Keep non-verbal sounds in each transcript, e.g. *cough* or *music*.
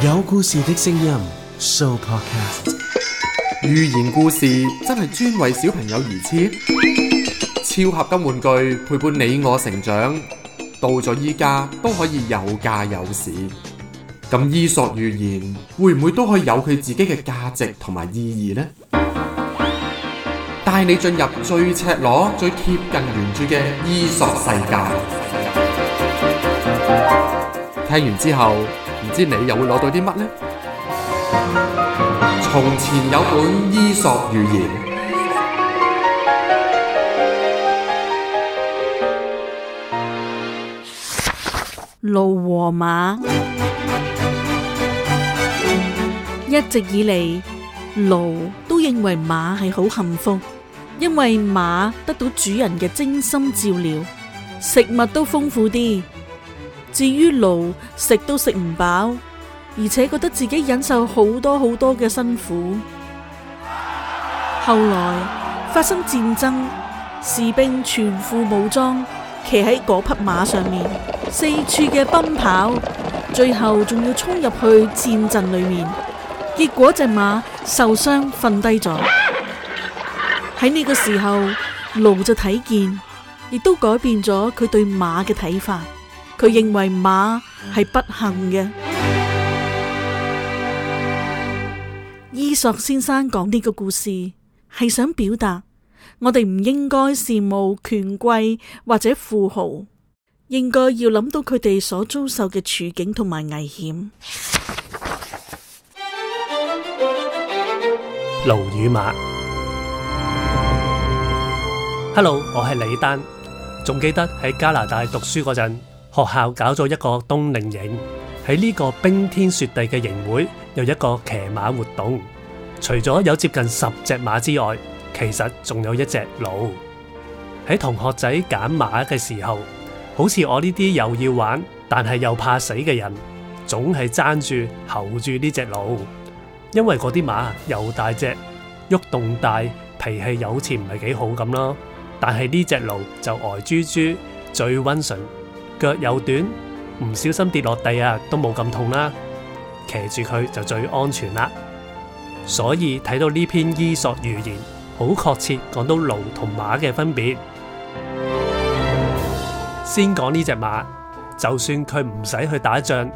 有故事的聲音 Sooo Podcast，寓言故事真係專為小朋友而設，超合金玩具陪伴你我成長，到咗依家都可以有價有市。咁伊索寓言會唔會都可以有佢自己嘅價值同埋意義呢？帶你進入最赤裸、最貼近原著嘅伊索世界。聽完之後。唔知你又會攞到啲乜呢？從前有本伊索寓言，驢和馬。一直以嚟，驢都認為馬係好幸福，因為馬得到主人嘅精心照料，食物都豐富啲。至於驢食都食唔飽，而且覺得自己忍受好多好多嘅辛苦。後來發生戰爭，士兵全副武裝，騎喺嗰匹馬上面，四處嘅奔跑，最後仲要衝入去戰陣裏面。結果隻馬受傷瞓低咗。喺呢個時候，驢就睇見，亦都改變咗佢對馬嘅睇法。佢認為馬係不幸嘅。伊索先生講呢個故事，係想表達我哋唔應該羨慕權貴或者富豪，應該要諗到佢哋所遭受嘅處境同埋危險。驢與馬。Hello，我係李丹，仲記得喺加拿大讀書嗰陣。學校搞咗一個冬令營，喺呢個冰天雪地嘅營會，有一個騎馬活動。除咗有接近十隻馬之外，其實仲有一隻驢。喺同學仔揀馬嘅時候，好似我呢啲又要玩但係又怕死嘅人，總係爭住吼住呢隻驢，因為嗰啲馬又大隻、喐動，動大、脾氣有次唔係幾好咁咯。但係呢隻驢就呆豬豬，最溫順。腳又短，唔小心跌落地啊，都冇咁痛啦，啊。騎住佢就最安全啦。所以睇到呢篇伊索寓言，好確切講到驢同馬嘅分別。先講呢隻馬，就算佢唔使去打仗，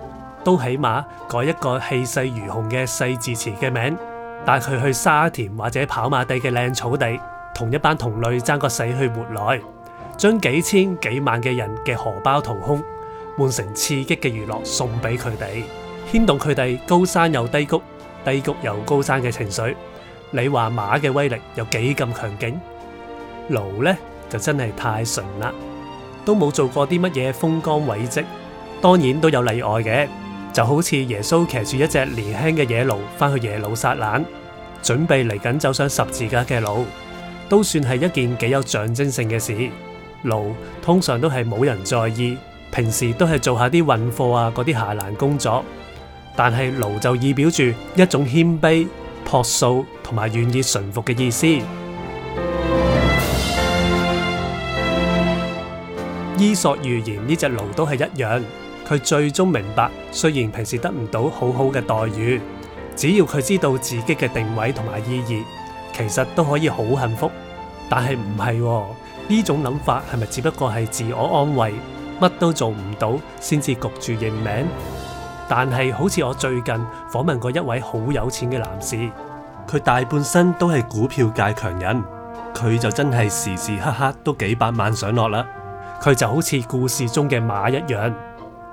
都起碼改一個氣勢如虹嘅四字詞嘅名，帶佢去沙田或者跑馬地嘅靚草地，同一班同類爭個死去活來。將幾千幾萬嘅人嘅荷包掏空，換成刺激嘅娛樂送俾佢哋，牽動佢哋高山又低谷，低谷又高山嘅情緒。你話馬嘅威力有幾咁強勁？驢呢，就真係太純啦，都冇做過啲乜嘢風光偉績。當然都有例外嘅，就好似耶穌騎住一隻年輕嘅野驢翻去耶路撒冷，準備嚟緊走上十字架嘅路，都算係一件幾有象徵性嘅事。驢通常都係冇人在意，平時都係做下啲運貨啊嗰啲下欄工作，但係驢就意表住一種謙卑、樸素同埋願意順服嘅意思。伊 *music* 索寓言呢隻驢都係一樣，佢最終明白，雖然平時得唔到好好嘅待遇，只要佢知道自己嘅定位同埋意義，其實都可以好幸福。但係唔係喎。呢種諗法係咪只不過係自我安慰？乜都做唔到，先至焗住認命？但係好似我最近訪問過一位好有錢嘅男士，佢大半生都係股票界強人，佢就真係時時刻刻都幾百萬上落啦。佢就好似故事中嘅馬一樣，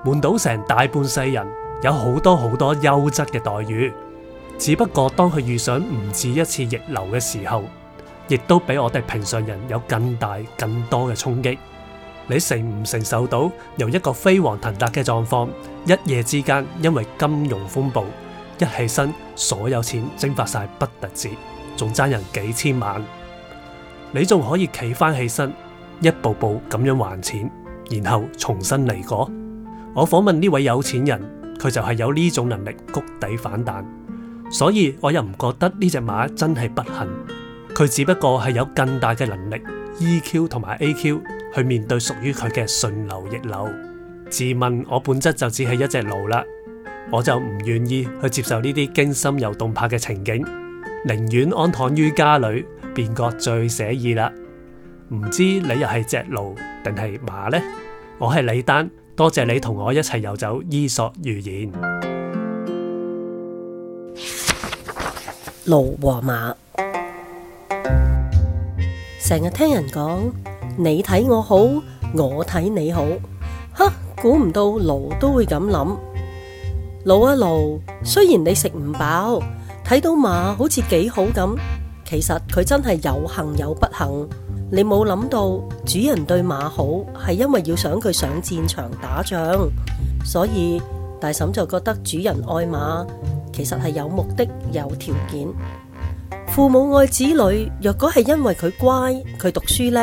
換到成大半世人有好多好多優質嘅待遇。只不過當佢遇上唔止一次逆流嘅時候。亦都俾我哋平常人有更大、更多嘅衝擊。你承唔承受到由一個飛黃騰達嘅狀況，一夜之間因為金融風暴，一起身所有錢蒸發晒不特止，仲爭人幾千萬。你仲可以企翻起身，一步步咁樣還錢，然後重新嚟過。我訪問呢位有錢人，佢就係有呢種能力谷底反彈，所以我又唔覺得呢隻馬真係不幸。佢只不過係有更大嘅能力，EQ 同埋 AQ 去面對屬於佢嘅順流逆流。自問我本質就只係一隻驢啦，我就唔願意去接受呢啲驚心又動魄嘅情景，寧願安躺於家裏，便覺最寫意啦。唔知你又係隻驢定係馬呢？我係李丹，多謝你同我一齊遊走伊索寓言，驢和馬。成日聽人講，你睇我好，我睇你好，哈，估唔到驢都會咁諗。驢啊驢，雖然你食唔飽，睇到馬好似幾好咁，其實佢真係有幸有不幸。你冇諗到主人對馬好，係因為要想佢上戰場打仗，所以大嬸就覺得主人愛馬，其實係有目的、有條件。父母愛子女，若果係因為佢乖、佢讀書叻、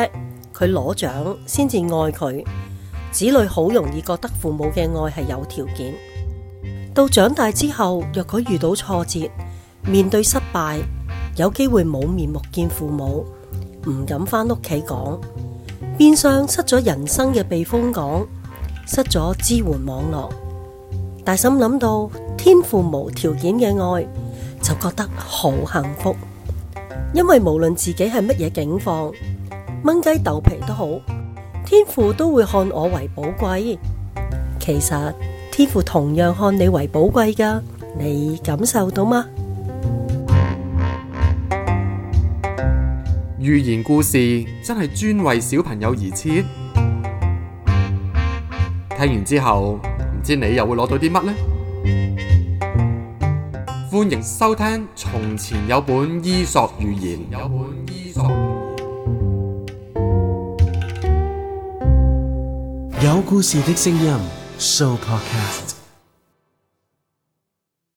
佢攞獎，先至愛佢。子女好容易覺得父母嘅愛係有條件。到長大之後，若果遇到挫折、面對失敗，有機會冇面目見父母，唔敢翻屋企講，變相失咗人生嘅避風港，失咗支援網絡。大嬸諗到天父無條件嘅愛，就覺得好幸福。因為無論自己係乜嘢境況，蚊雞豆皮都好，天父都會看我為寶貴。其實天父同樣看你為寶貴噶，你感受到嗎？寓言故事真係專為小朋友而設，聽完之後唔知你又會攞到啲乜呢？歡迎收聽，從前有本伊索寓言，有本伊索寓言，有故事的聲音，Sooo Podcast。